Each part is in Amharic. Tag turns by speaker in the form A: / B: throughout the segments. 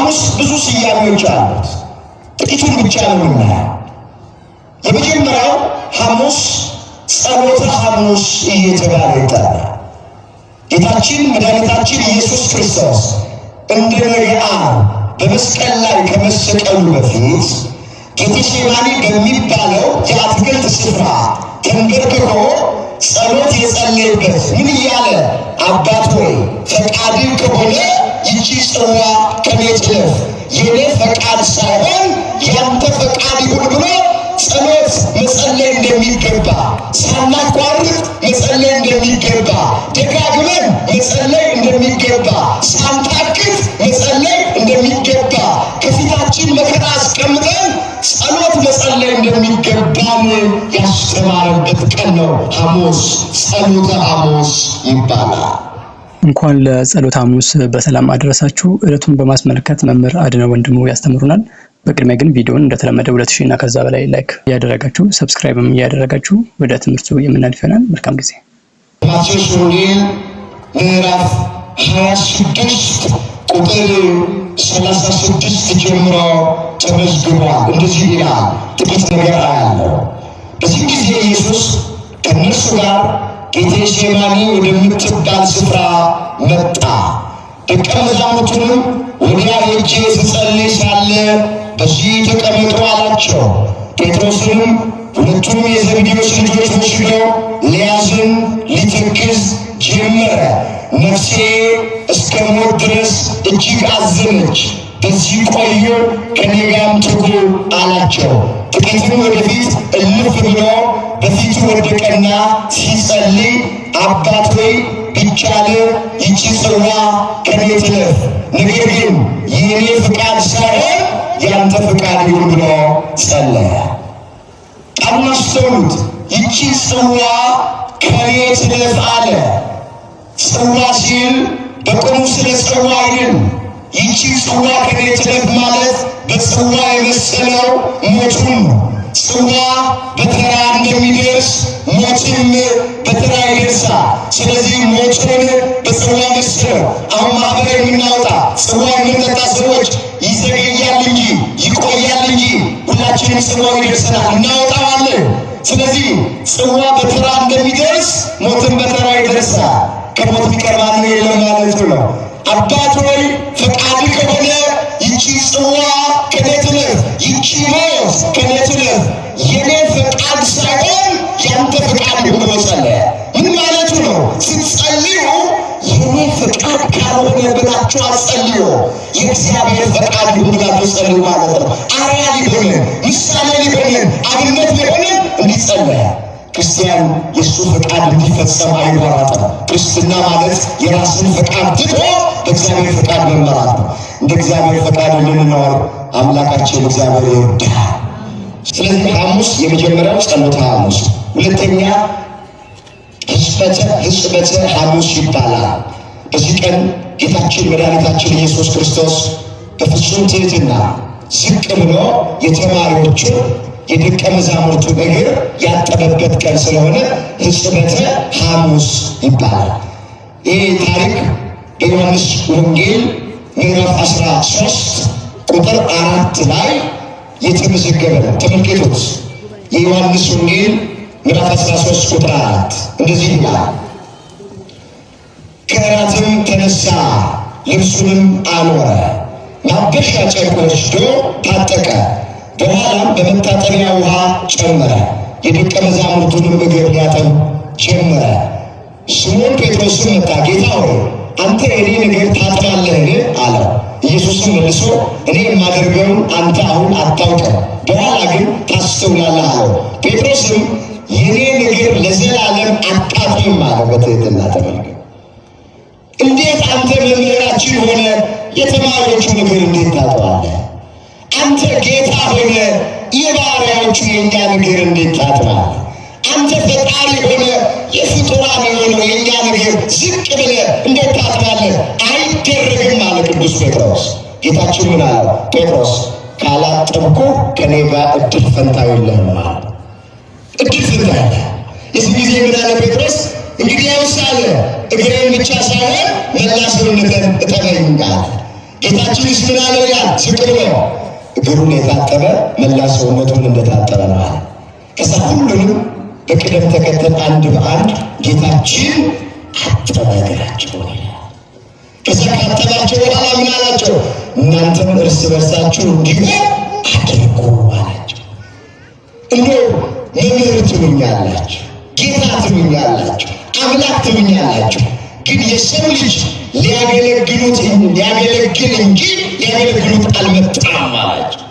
A: ሐሙስ ብዙ ስያሜዎች አሉት። ጥቂቱን ብቻ ነው የምናየው። የመጀመሪያው ሐሙስ ጸሎተ ሐሙስ እየተባለ ይጠራል። ጌታችን መድኃኒታችን ኢየሱስ ክርስቶስ እንደ ነግአ በመስቀል ላይ ከመሰቀሉ በፊት ጌቴሴማኒ በሚባለው የአትክልት ስፍራ ተንበርክኮ ጸሎት የጸለየበት ምን እያለ አባት ሆይ ፈቃድህ ከሆነ ይቺ ጽዋ ከኔ ትለፍ፣ የኔ ፈቃድ ሳይሆን ያንተ ፈቃድ ይሁን ብሎ ጸሎት መጸለይ እንደሚገባ ሳናቋርጥ መጸለይ እንደሚገባ ደጋግመን መጸለይ እንደሚገባ ሳንታክት መጸለይ እንደሚገባ ከፊታችን መከራ አስቀምጠን ጸሎት መጸለይ እንደሚገባን ያስተማረበት ቀን ነው። ሐሙስ ጸሎተ ሐሙስ ይባላል።
B: እንኳን ለጸሎተ ሐሙስ በሰላም አደረሳችሁ። እለቱን በማስመልከት መምህር አድነ ወንድሙ ያስተምሩናል። በቅድሚያ ግን ቪዲዮውን እንደተለመደ ሁለት ሺህ እና ከዛ በላይ ላይክ እያደረጋችሁ ሰብስክራይብም እያደረጋችሁ ወደ ትምህርቱ የምናልፍ ይሆናል። መልካም ጊዜ።
A: ማቴዎስ ወንጌል ምዕራፍ 26 ቁጥር 36 ጀምሮ ተመዝግቧል። እንደዚህ ይላል። ጥቂት ነገር አያለው። በዚህ ጊዜ ኢየሱስ ከእነርሱ ጋር ጌቴሴማኒ ወደምትባል ስፍራ መጣ። ደቀ መዛሙርቱንም ወዲያ ሄጄ ስጸልይ ሳለ በዚህ ተቀመጡ አላቸው። ጴጥሮስንም ሁለቱም የዘብዴዎስ ልጆች ወስደው ሊያዝን ሊተክዝ ጀመረ። ነፍሴ እስከ ሞት ድረስ እጅግ አዘነች፣ በዚህ ቆዩ፣ ከኔ ጋርም ትጉ አላቸው። ጥቂትም ወደፊት እልፍ ብለው በፊቱ ወደቀና ሲጸልይ አባት ሆይ ቢቻል ይቺ ጽዋ ከኔ ትለፍ፣ ነገር ግን የእኔ ፍቃድ ሳይሆን ያንተ ፍቃድ ይሁን ብሎ ጸለየ። አናስተውሉት። ይቺ ጽዋ ከኔ ትለፍ አለ። ጽዋ ሲል በቆሙ ስለ ጽዋ አይደል። ይቺ ጽዋ ከኔ ትለፍ ማለት በጽዋ የመሰለው ሞቱን ጽዋ በተራ እንደሚደርስ ሞትም በተራ ይደርሳል። ስለዚህ ሞትን በጽዋ መስለው አሁን ማህበር የምናወጣ ጽዋ የምንጠጣ ሰዎች ይዘገያል እንጂ ይቆያል እንጂ ሁላችንም ጽዋ ይደርሰናል፣ እናወጣዋለን። ስለዚህ ጽዋ በተራ እንደሚደርስ ሞትን በተራ ይደርሳል። ከሞት የሚቀር የለም ማለቱ ነው። አባት ሆይ ፈቃድ ከሆነ ይቺ ጽዋ ከኔ ትለፍ፣ ይቺ ሞት ከኔ ትለፍ፣ የኔ ፈቃድ ሳይሆን ያንተ ፈቃድ ይሁን መጸለያ ምን ማለቱ ነው? ስትጸልዩ የኔ ፈቃድ ካልሆነ ብላችሁ አትጸልዩ፣ የእግዚአብሔር ፈቃድ ይሁን ብላችሁ ጸልዩ ማለት ነው። አርያ ሊሆንን ምሳሌ ሊሆንን አብነት ሊሆንን እንዲጸለያ ክርስቲያን የእሱ ፈቃድ እንዲፈጸም አይሯሯጥም። ክርስትና ማለት የራስን ፈቃድ ትቶ እግዚአብሔር ፈቃድ መመራት እንደ እግዚአብሔር ፈቃድ እንድንኖር አምላካችን እግዚአብሔር ይወዳል። ስለዚህ ሐሙስ የመጀመሪያው ጸሎተ ሐሙስ፣ ሁለተኛ ሕጽበተ ሕጽበተ ሐሙስ ይባላል። በዚህ ቀን ጌታችን መድኃኒታችን ኢየሱስ ክርስቶስ በፍጹም ትሕትና ዝቅ ብሎ የተማሪዎቹን የደቀ መዛሙርቱ እግር ያጠበበት ቀን ስለሆነ ሕጽበተ ሐሙስ ይባላል። ይህ ታሪክ የዮሐንስ ወንጌል ምዕራፍ 13 ቁጥር አራት ላይ የተመዘገበ ነው። ተመልከቱት። የዮሐንስ ወንጌል ምዕራፍ 13 ቁጥር አራት እንደዚህ ይላል። ከራትም ተነሳ፣ ልብሱንም አኖረ፣ ማበሻ ጨርቅ ወስዶ ታጠቀ፣ በኋላም በመታጠቢያ ውሃ ጨመረ፣ የደቀ መዛሙርቱንም እግር ያጥብ ጀመረ። ስምዖን ጴጥሮስም መጣ፣ ጌታ ሆይ አንተ እኔ ነገር ታጥቃለህን አለ። ኢየሱስም መልሶ እኔ የማደርገውን አንተ አሁን አታውቅም፣ በኋላ ግን ታስተውላለህ አለው። ጴጥሮስም የኔ ነገር ለዘላለም አታጥቅም አለው። በትህትና ተመልከ። እንዴት አንተ መምህራችን ሆነ የተማሪዎቹ ነገር እንዴት ታጥባለህ? አንተ ጌታ ሆነ የባሪያዎቹ የእኛ ነገር እንዴት ታጥባለህ? አንተ ፈጣሪ ሆነ የፍጡራ መሆነ የእኛ መርሄር ዝቅ ብለ እንዴት ታጥባለህ? አይደረግም አለ ቅዱስ ጴጥሮስ። ጌታችን ምን አለ? ጴጥሮስ ካላጠብኩ ከኔ ጋር እድል ፈንታ የለህም አለ። እድል ፈንታ ያለ የዚህ ጊዜ ምን አለ ጴጥሮስ? እንግዲህ ያውሳለ እግሬን ብቻ ሳይሆን መላ ሰውነትን እጠበኝ አለ። ጌታችንስ ምን አለ? ያ ዝቅ ብለ እግሩን የታጠበ መላ ሰውነቱን እንደታጠበ ነው አለ። ከዛ ሁሉንም በቅደም ተከተል አንድ በአንድ ጌታችን አጠናገራቸው በኋላ ከዛ ካጠናቸው በኋላ ምን አላቸው? እናንተም እርስ በርሳችሁ እንዲሁ አድርጉ አላቸው። እንደው መምህር ትሉኛላችሁ፣ ጌታ ትሉኛላችሁ፣ አምላክ ትሉኛላችሁ ግን የሰው ልጅ ሊያገለግሉት ሊያገለግል እንጂ ሊያገለግሉት አልመጣም አላቸው።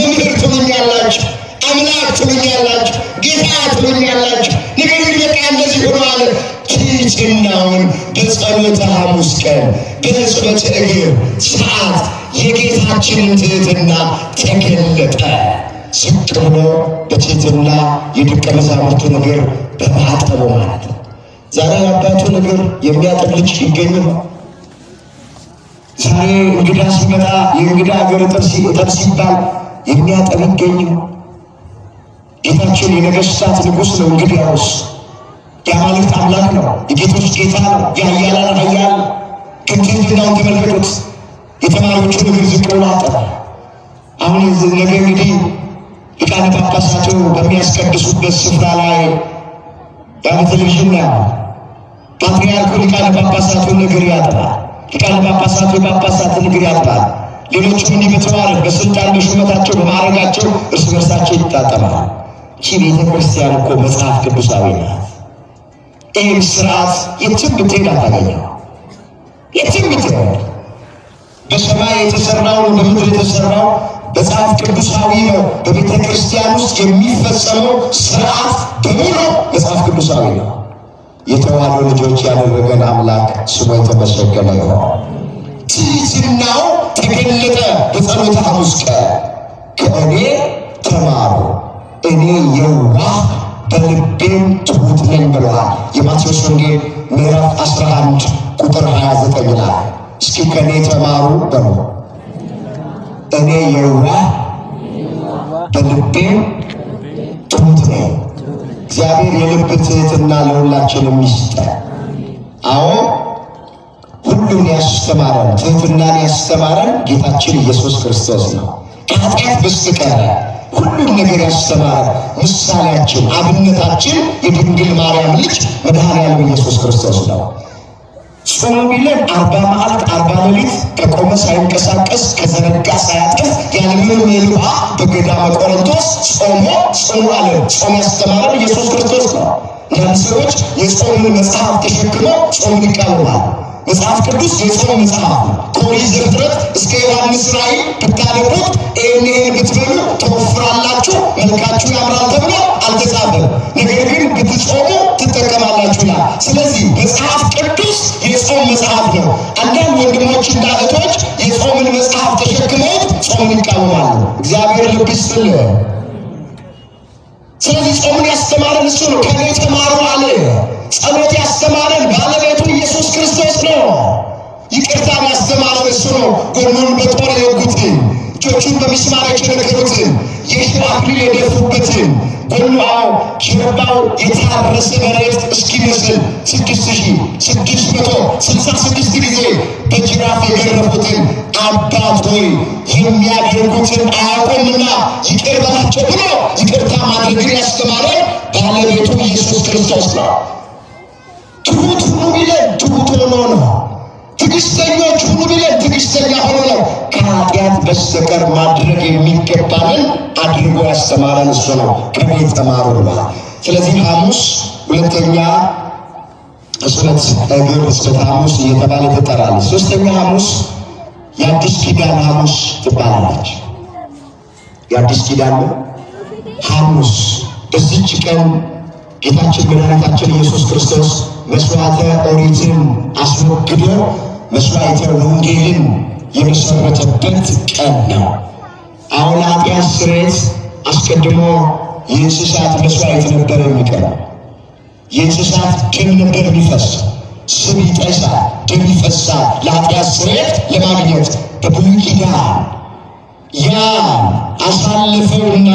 A: መምህር ትሉኛላችሁ አምላክ ትሉኛላችሁ፣ ጌታ ትሉኛላችሁ። ነገር ግን በቃ እንደዚህ ሆኗል። ትሕትናውን በጸሎተ ሐሙስ ቀን በጸሎተ እግር ሰዓት የጌታችንን ትህትና ተገለጠ። ዝቅ ብሎ በትህትና የደቀ መዛሙርቱን እግር በማጠቡ ማለት ነው። ዛሬ አባቱን እግር የሚያጥብ ልጅ ይገኝ? ዛሬ እንግዳ ሲመጣ የእንግዳ እግር እጠብ ሲባል የሚያጠብ ይገኝ? ጌታችን የነገሥታት ንጉሥ ነው። እንግዲህ ያውስ የአማልክት አምላክ ነው። የጌቶች ጌታ ነው። የአያላን ኃያል ቅንትናውን ተመልከቱት። የተማሪዎቹን እግር ዝቅ ብሎ አጠበ። አሁን ነገ እንግዲህ ሊቃነ ጳጳሳቱ በሚያስቀድሱበት ስፍራ ላይ ያለ ቴሌቪዥን ነው ያለ ፓትርያርኩ ሊቃነ ጳጳሳቱን እግር ያጥባል። ሊቃነ ጳጳሳቱ ጳጳሳትን እግር ያጥባል። ሌሎቹም እንዲህ በተዋረድ በስልጣን በሹመታቸው በማዕረጋቸው እርስ በርሳቸው ይታጠባል። ይህ ቤተክርስቲያን እኮ መጽሐፍ ቅዱሳዊ ናት። ይህም ስርዓት የትም ብትሄድ አታገኘው። የትም ብትሄድ በሰማይ የተሰራው በምድር የተሰራው መጽሐፍ ቅዱሳዊ ነው። በቤተ ክርስቲያን ውስጥ የሚፈጸመው ስርዓት በሙሉ መጽሐፍ ቅዱሳዊ ነው። የተዋሉ ልጆች ያደረገን አምላክ ስሙ የተመሰገነ ነው። ትህትናው ተገለጠ በጸሎተ ሐሙስ ቀን ከእኔ ተማሩ እኔ የዋህ በልቤም ትሑት ነኝ ብለዋል። የማቴዎስ ወንጌል ምዕራፍ 11 ቁጥር 29 ይላል። እስኪ ከእኔ ተማሩ በሉ። እኔ የዋህ በልቤም ትሑት ነኝ። እግዚአብሔር የልብ ትህትና ለሁላችንም ይስጠን። አዎ ሁሉን ያስተማረን ትሕትናን ያስተማረን ጌታችን ኢየሱስ ክርስቶስ ነው። ከኃጢአት በስተቀር ሁሉን ነገር ያስተማረ ምሳሌያችን፣ አብነታችን የድንግል ማርያም ልጅ መድኃኔዓለም ኢየሱስ ክርስቶስ ነው። ጾሙ ቢለን አርባ መዓልት አርባ ሌሊት ከቆመ ሳይንቀሳቀስ ከዘረጋ ሳያጥፍ ያለምንም የልባ በገዳመ ቆሮንቶስ ጾሞ ጽኑ አለ። ጾም ያስተማረን ኢየሱስ ክርስቶስ ነው። አንዳንድ ሰዎች የጾምን መጽሐፍ ተሸክመው ጾምን ይቃወማል። መጽሐፍ ቅዱስ የሰው መጽሐፍ ከኦሪት ዘፍጥረት እስከ ዮሐንስ ራእይ ብታነቡት ይህን ብትበሉ ተወፍራላችሁ፣ መልካችሁ ያምራል ተብሎ አልተጻፈም። ነገር ግን ብትጾሙ ትጠቀማላችሁ ይላል። ስለዚህ መጽሐፍ ቅዱስ የጾም መጽሐፍ ነው። አንዳንድ ወንድሞችና እህቶች የጾምን መጽሐፍ ተሸክመው ጾምን ይቃወማሉ። እግዚአብሔር ልብ ይስጥል። ስለዚህ ጾምን ያስተማረን እሱ ነው። ከኔ ተማሩ አለ ጸሎት ያስተማረን ባለቤቱ ኢየሱስ ክርስቶስ ነው። ይቅርታ ያስተማረን እሱ ነው። ጎኑን በጦር የወጉት፣ እጆቹን በሚስማር የቸነከሩት፣ የሽራ አክሊል የደፉበት ጎኑ አዎ ጀርባው የታረሰ መሬት እስኪመስል ስድስት ሺ ስድስት መቶ ስልሳ ስድስት ጊዜ በጅራፍ የገረፉትን አባት ሆይ የሚያደርጉትን አያቆምና ይቅር በላቸው ብሎ ይቅርታ ማድረግን ያስተማረ ባለቤቱ ኢየሱስ ክርስቶስ ነው። ትሁት ሁኑ ቢለን ትሁት ሆኖ ነው። ትዕግስተኞች ሁኑ ቢለን ትዕግስተኛ ሆኖ ነው። ከኃጢአት በስተቀር ማድረግ የሚገባንን አድርጎ ያስተማረን እሱ ነው። ከኔ ተማሩ ብሏል። ስለዚህ ሐሙስ ሁለተኛ እጽበት እግር እጽበት ሐሙስ እየተባለ ትጠራለች። ሶስተኛ ሐሙስ የአዲስ ኪዳን ሐሙስ ትባላለች። የአዲስ ኪዳን ሐሙስ በዚች ቀን ጌታችን መድኃኒታችን ኢየሱስ ክርስቶስ መስዋዕተ ኦሪትን አስወግዶ መስዋዕተ ወንጌልን የመሰረተበት ቀን ነው። አሁን ኃጢአት ስርየት አስቀድሞ የእንስሳት መስዋዕት ነበር የሚቀርበው። የእንስሳት ደም ነበር የሚፈስ፣ ስም ይጠሳ ደም ይፈሳ ለኃጢአት ስርየት ለማግኘት በብሉይ ኪዳን ያ አሳልፈውና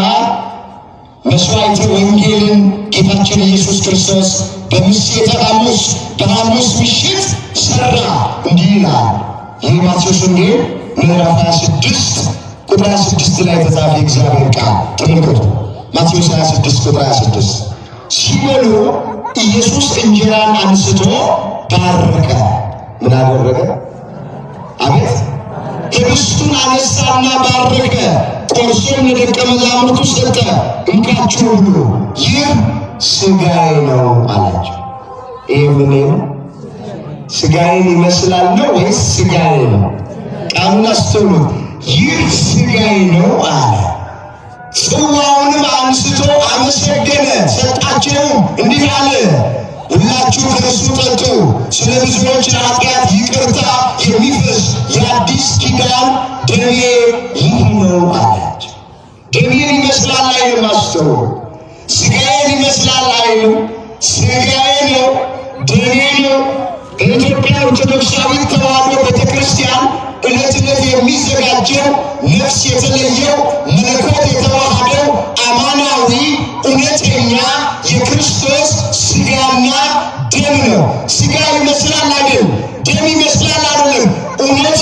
A: መስዋዕተ ወንጌልን ጌታችን ኢየሱስ ክርስቶስ በምሴተ ሐሙስ በሐሙስ ምሽት ሠራ እንዲህ ይላል። ማቴዎስ ወንጌል ምዕራፍ 26 ቁጥር 26 ላይ የተጻፈ የእግዚአብሔር ቃል ተመልከቱ። ማቴዎስ 26 ቁጥር 26 ሲበሉ ኢየሱስ እንጀራን አንስቶ ባረከ። ምን አደረገ? አቤት ህብስቱን አነሳና ባረከ፣ ቆርሶም ለደቀ መዛሙርቱ ሰጠ። እንካችሁ ብሉ ይህ ስጋዬ ነው አላቸው። ይህ ምን ነው? ስጋዬን ይመስላል ነው ወይስ ስጋዬ ነው? ቃሉን አስተውሉ። ይህ ስጋዬ ነው አለ። ጽዋውንም አንስቶ አመሰገነ፣ ሰጣቸው፣ እንዲህ አለ ሁላችሁ ከእርሱ ጠጡ፣ ስለ ብዙዎች ኃጢአት ይቅርታ የሚፈስ የአዲስ ኪዳን ደሜ ይህ ነው አላቸው። ደሜን ይመስላል አይደል? አስተውሉ ስጋዬን ይመስላል አይሉ ስጋዬ ነው ደሜ ነው። በኢትዮጵያ ኦርቶዶክሳዊት ተዋሕዶ ቤተክርስቲያን እለት እለት የሚዘጋጀው ነፍስ የተለየው መለኮት የተዋህደው አማናዊ እውነተኛ የክርስቶስ ስጋና ደም ነው። ስጋ ይመስላል አይደል? ደም ይመስላል አይደለም? እውነት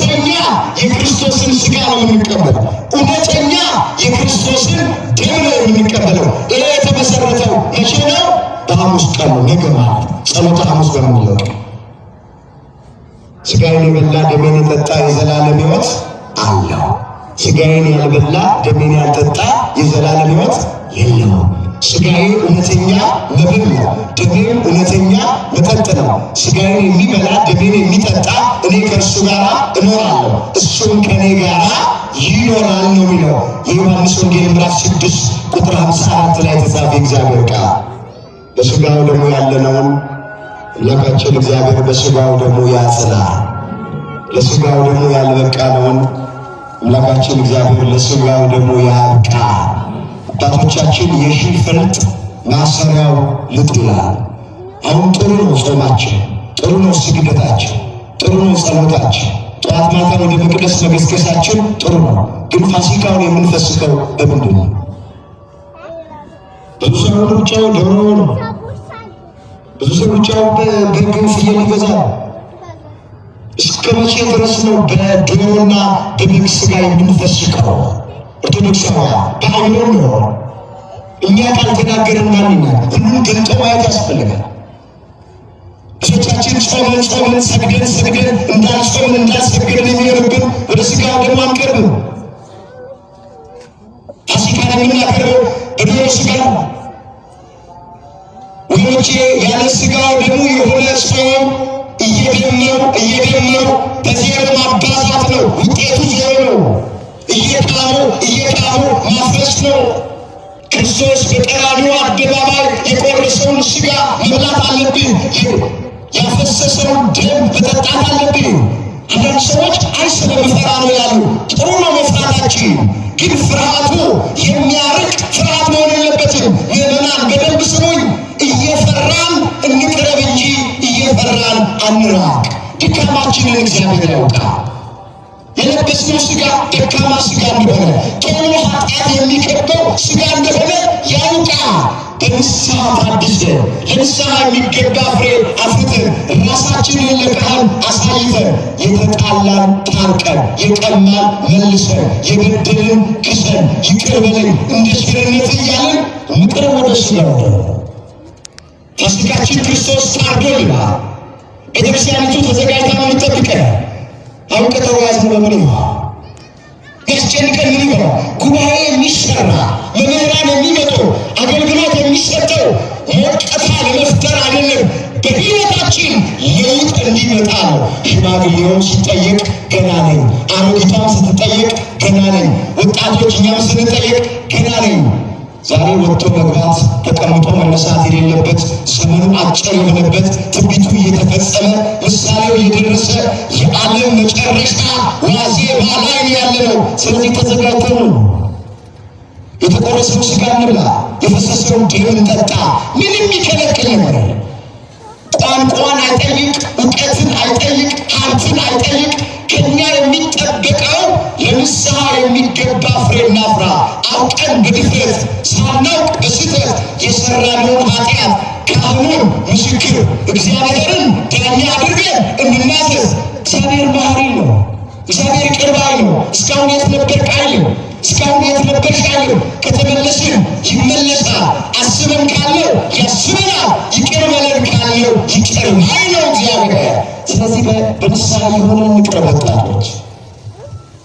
A: የክርስቶስን ስጋ ነው የምንቀበለው። እውነተኛ የክርስቶስን ደም ነው የምንቀበለው። ይሄ የተመሰረተው መቼ ነው? በሐሙስ ቀን ነገ ማለት ጸሎተ ሐሙስ በምንለው ስጋዬን የበላ ደሜን የጠጣ የዘላለም ሕይወት አለው። ስጋዬን ያልበላ ደሜን ያልጠጣ የዘላለም ሕይወት የለውም። ስጋዬ እውነተኛ ምግብ ነው፣ ደሜም እውነተኛ መጠጥ ነው። ስጋዬን የሚበላ ደሜን የሚጠጣ እኔ ከእርሱ ጋር እኖራለሁ፣ እሱም ከእኔ ጋር ይኖራል ነው የሚለው የዮሐንስ ወንጌል ምዕራፍ ስድስት ቁጥር ሀምሳ አራት ላይ የተጻፈ እግዚአብሔር ቃል። በስጋው ደግሞ ያለነውን አምላካችን እግዚአብሔር በስጋው ደግሞ ያጽናል። ለስጋው ደግሞ ያልበቃ ነውን አምላካችን እግዚአብሔር ለስጋው ደግሞ ያብቃ። አባቶቻችን የሺህ ማሰሪያው ልብ ይላል። አሁን ጥሩ ነው ጾማችን፣ ጥሩ ነው ስግደታችን፣ ጥሩ ነው ጸሎታችን፣ ጠዋት ማታ ወደ መቅደስ መገስገሳችን ጥሩ ነው። ግን ፋሲካውን የምንፈስከው በምንድን ነው? ብዙ ሰው ሩጫው ዶሮ ነው። ብዙ ሰው ሩጫው በግፍ ይገዛል። እስከ መቼ ድረስ ነው በዶሮና በበግ ስጋ የምንፈስከው? ኦርቶዶክስ ተባላ ተአምሮ ነው። እኛ ካልተናገርን ማን ይናገር? ሁሉም ገልጦ ማየት ያስፈልጋል። ብዙዎቻችን ጾመን ጾመን ሰግደን ሰግደን እንዳልጾምን እንዳልሰግደን የሚኖርብን ወደ ስጋ ደግሞ አንቀርብም። ፋሲካን የምናቀርበው በዶሮ ስጋ ነው። ወገኖቼ ያለ ስጋ ደግሞ የሆነ ጾም እየደመሩ እየደመሩ በዚህ ማባዛት ነው። እየጣሩ እየጣሩ ማፍረስ ነው። ክርስቶስ በቀራንዮ አደባባይ የቆረሰውን ስጋ መብላት አለብኝ። ያፈሰሰውን ደም መጠጣት አለብኝ። አንዳንድ ሰዎች አይስ በመፈራ ነው ያሉ። ጥሩ ነው መፍራታችን፣ ግን ፍርሃቱ የሚያርቅ ፍርሃት መሆን የለበትም። ምዕመናን በደንብ ስሙኝ። እየፈራን እንቅረብ እንጂ እየፈራን አንራቅ። ድካማችንን እግዚአብሔር ያውቃል። ደካማ ስጋ እንደሆነ ቶሎ ኃጢአት የሚከበው ስጋ እንደሆነ ያውቃ በንስሐ ታድሰ ለንስሐ የሚገባ ፍሬ አፍርተን ራሳችንን ለብርሃን አሳይተን የተጣላን ታርቀን የቀማን መልሰን የበደልን ክሰን ይቅር በለን እንደ ቸርነት እያለን ምቅር ወደ እሱ ነበር። ክርስቶስ ታርዶ ይላል ቤተክርስቲያኒቱ ተዘጋጅታ የምትጠብቀን አውቀ ተዋያዝ ነው በምን ይሆል ያስጨንቀን ምን ጉባኤ የሚሰራ መምህራን የሚመጡ አገልግሎት የሚሰጠው ሞቀታ ለመፍጠር አይደለም፣ በሕይወታችን ለውጥ እንዲመጣ ነው። ሽማግሌውን ሲጠየቅ ገና ነኝ፣ አሮጊቷም ስትጠየቅ ገና ነኝ፣ ወጣቶች እኛም ስንጠየቅ ገና ነኝ ዛሬ ወጥቶ መግባት ተቀምጦ መነሳት የሌለበት ዘመኑ አጭር የሆነበት ትንቢቱ እየተፈጸመ ምሳሌው እየደረሰ የዓለም መጨረሻ ዋዜማ ላይ ያለ ነው። ስለዚህ ተዘጋጅተ ነው የተቆረሰው ስጋ እንብላ፣ የፈሰሰው ደም እንጠጣ። ምንም የሚከለክል ነገር ቋንቋን አይጠይቅ፣ እውቀትን አይጠይቅ፣ ሀብትን አይጠይቅ። ከኛ የሚጠበቀው ለንስሐ የሚገባ ፍሬ እናፍራ። አውቀን በድፍረት ሳናውቅ በስህተት የሰራነውን ኃጢአት ካህኑን ምስክር እግዚአብሔርን ዳኛ አድርገን እንድናዘዝ። እግዚአብሔር ባህሪ ነው። እግዚአብሔር ቅርባይ ነው። እስካሁን የት ነበርክ አይልም። እስካሁን የት ነበርሽ አይልም። ከተመለስን ይመለሳል። አስበን ካለው ያስበናል። ይቅር በለን ካለው ይቅር ባይ ነው እግዚአብሔር። ስለዚህ በንስሐ የሆነ እንቅረበታለች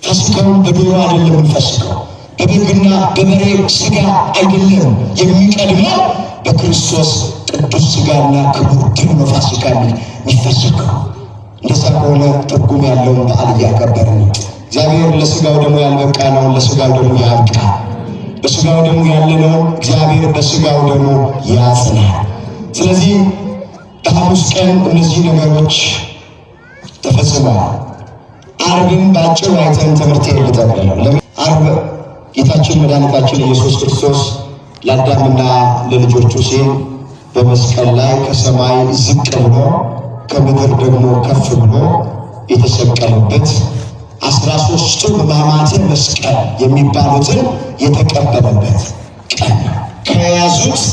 A: ፈጽሞ በዶሮ አይደለም የሚፈስቀው በበግና በበሬ ስጋ አይደለም የሚቀድመው በክርስቶስ ቅዱስ ስጋና ክቡር ደሙ ነው ፋሲካ የሚፈሰከው። እንደዛ ከሆነ ትርጉም ያለውን በዓል እያከበርን እግዚአብሔር ለስጋው ደግሞ ያልበቃ ነው ለስጋው ደግሞ ያብቃ። በስጋው ደግሞ ያለ ነው፣ እግዚአብሔር በስጋው ደግሞ ያጽናል። ስለዚህ በሐሙስ ቀን እነዚህ ነገሮች ተፈጽመዋል። አርብም ባጭሩ አይተን ትምህርት ልጠቅልለው። አርብ ጌታችን መድኃኒታችን ኢየሱስ ክርስቶስ ለአዳምና ለልጆቹ ሲል በመስቀል ላይ ከሰማይ ዝቅ ብሎ ከምድር ደግሞ ከፍ ብሎ የተሰቀሉበት አስራ ሶስቱ ሕማማተ መስቀል የሚባሉትን የተቀበለበት ቀን ከያዙት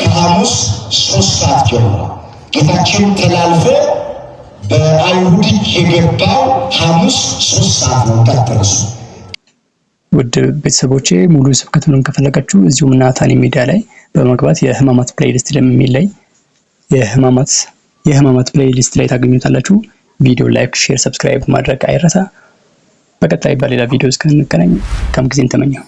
A: ከሐሙስ ሶስት ሰዓት ጀምሮ ጌታችን ተላልፎ በአይሁድ የገባው ሐሙስ ሶስት ሰዓት ነው። እንዳትረሱ
B: ውድ ቤተሰቦቼ። ሙሉ ስብከቱን ከፈለጋችሁ እዚሁ ናታን ሚዲያ ላይ በመግባት የህማማት ፕሌይሊስት ለሚል ላይ የህማማት የህማማት ፕሌይሊስት ላይ ታገኙታላችሁ። ቪዲዮ ላይክ፣ ሼር፣ ሰብስክራይብ ማድረግ አይረሳ። በቀጣይ በሌላ ቪዲዮ እስከምንገናኝ ከም ጊዜ እንተመኘው።